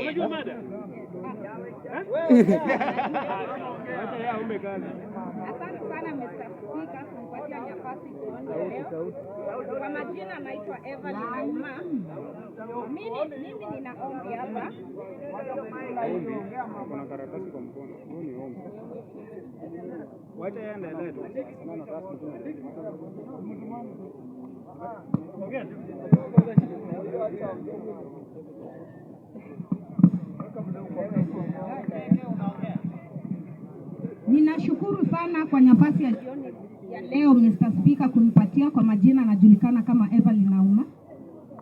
Unajua mada? Asante sana Mr. Speaker kumpatia nafasi kuongea leo. Kwa majina naitwa Evelyn Auma. Mimi mimi nina ombi hapa. Kuna karatasi kwa mkono. Huo ni ombi. Wacha yende leo. Naona task mzima. Ninashukuru sana kwa nafasi ya jioni ya leo Mr. Speaker kunipatia. Kwa majina anajulikana kama Evelyn Nauma.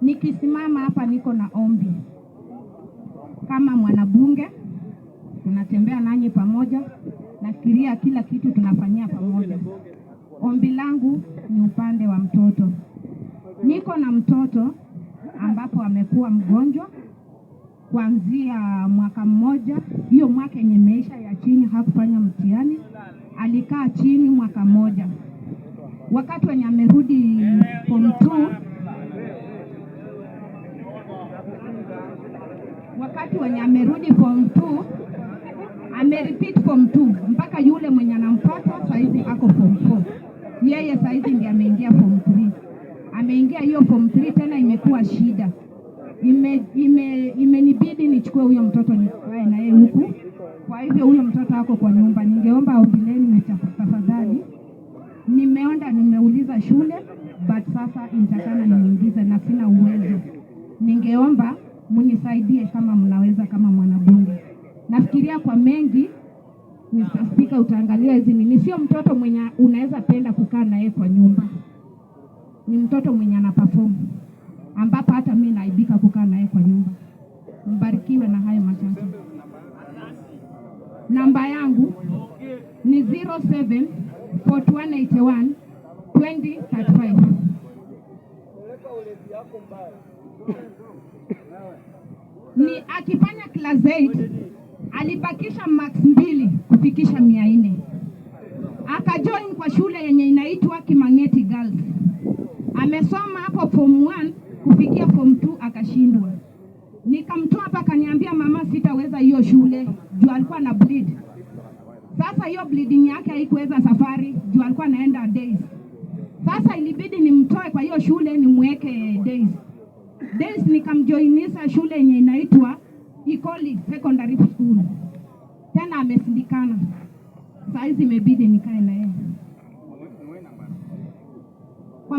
Nikisimama hapa niko na ombi kama mwanabunge, tunatembea nanyi pamoja, nafikiria kila kitu tunafanyia pamoja. Ombi langu ni upande wa mtoto, niko na mtoto ambapo amekuwa mgonjwa kuanzia mwaka mmoja, hiyo mwaka yenye meisha ya chini hakufanya mtihani, alikaa chini mwaka mmoja. Wakati wenye amerudi form 2 wakati wenye amerudi form 2 amerepeat form 2 mpaka yule mwenye anamfuata saizi ako form 4, yeye saizi ndiye ameingia form ameingia hiyo form 3 tena, imekuwa shida, imenibidi ime, ime nichukue huyo mtoto nikae naye huku. Kwa hivyo huyo mtoto ako kwa nyumba, ningeomba ombi lenu tafadhali. Nimeonda, nimeuliza shule, but sasa nitakana niingize na sina uwezo. Ningeomba munisaidie kama mnaweza, kama mwanabunge. Nafikiria kwa mengi Mr. Speaker, utaangalia hizi nini. Sio mtoto mwenye unaweza penda kukaa naye kwa nyumba ni mtoto mwenye ana perform ambapo hata mimi naibika kukaa naye kwa nyumba. Mbarikiwe na hayo machache. Namba yangu ni 2035. ni akifanya class 8 alibakisha max mbili amesoma hapo form 1 kufikia form 2 akashindwa. Nikamtoa hapa, akaniambia mama, sitaweza hiyo shule juu alikuwa na bleed. Sasa hiyo bleeding yake haikuweza safari juu alikuwa anaenda days. Sasa ilibidi nimtoe kwa hiyo shule nimweke days. Days nikamjoinisa shule yenye inaitwa Ikoli Secondary School, tena amesindikana. Saa hizi imebidi nikae na yeye kwa